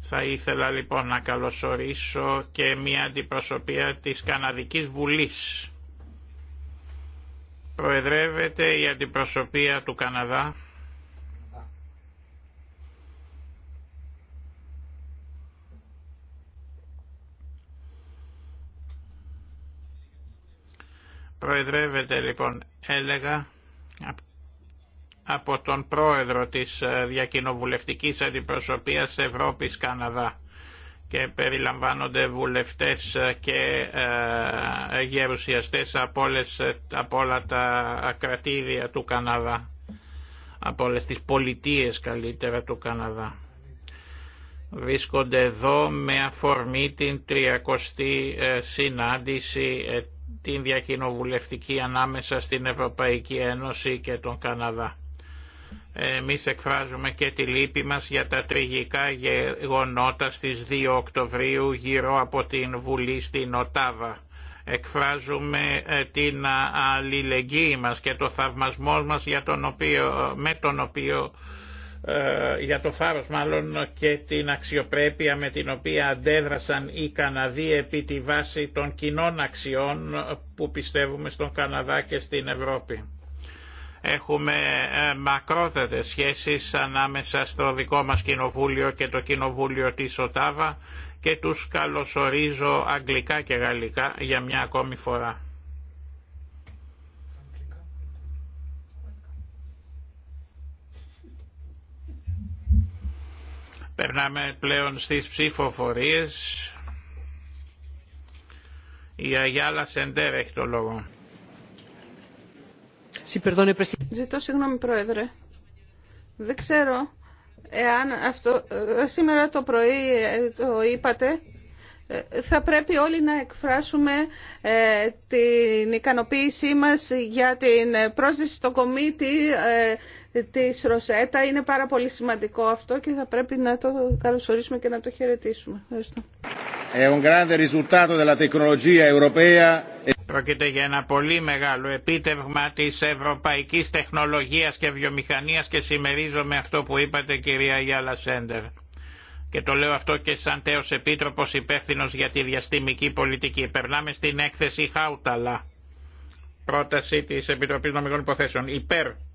Θα ήθελα λοιπόν να καλωσορίσω και μια αντιπροσωπεία της Καναδικής Βουλής. Προεδρεύεται η αντιπροσωπεία του Καναδά Προεδρεύεται λοιπόν έλεγα από από τον πρόεδρο της ε, διακοινοβουλευτικής αντιπροσωπείας Ευρώπης Καναδά και περιλαμβάνονται βουλευτές ε, και ε, γερουσιαστές από, όλες, όλα τα κρατήδια του Καναδά, από όλες τις πολιτείες καλύτερα του Καναδά. Βρίσκονται εδώ με αφορμή την 30 συνάντηση την διακοινοβουλευτική ανάμεσα στην Ευρωπαϊκή Ένωση και τον Καναδά. Εμείς εκφράζουμε και τη λύπη μας για τα τριγικά γεγονότα στις 2 Οκτωβρίου γύρω από την Βουλή στην Οτάβα. Εκφράζουμε ε, την αλληλεγγύη μας και το θαυμασμό μας για τον οποίο, με τον οποίο ε, για το φάρος μάλλον και την αξιοπρέπεια με την οποία αντέδρασαν οι Καναδοί επί τη βάση των κοινών αξιών που πιστεύουμε στον Καναδά και στην Ευρώπη. Έχουμε ε, μακρότερες σχέσεις ανάμεσα στο δικό μας κοινοβούλιο και το κοινοβούλιο της Οτάβα και τους καλωσορίζω αγγλικά και γαλλικά για μια ακόμη φορά. Περνάμε πλέον στις ψηφοφορίες. Η Αγιάλα Σεντέρ έχει το λόγο. Ζητώ συγγνώμη, Πρόεδρε. Δεν ξέρω εάν αυτό ε, σήμερα το πρωί ε, το είπατε. Ε, θα πρέπει όλοι να εκφράσουμε την ικανοποίησή μας για την πρόσδεση στο κομίτη της Ροσέτα. Είναι πάρα πολύ σημαντικό αυτό και θα πρέπει να το καλωσορίσουμε και να το χαιρετήσουμε. Ευχαριστώ. Πρόκειται για ένα πολύ μεγάλο επίτευγμα της ευρωπαϊκής τεχνολογίας και βιομηχανίας και συμμερίζομαι αυτό που είπατε κυρία Γιάλα Σέντερ. Και το λέω αυτό και σαν τέος επίτροπος υπεύθυνο για τη διαστημική πολιτική. Περνάμε στην έκθεση Χάουταλα. Πρόταση της Επιτροπής Νομικών Υποθέσεων. Υπέρ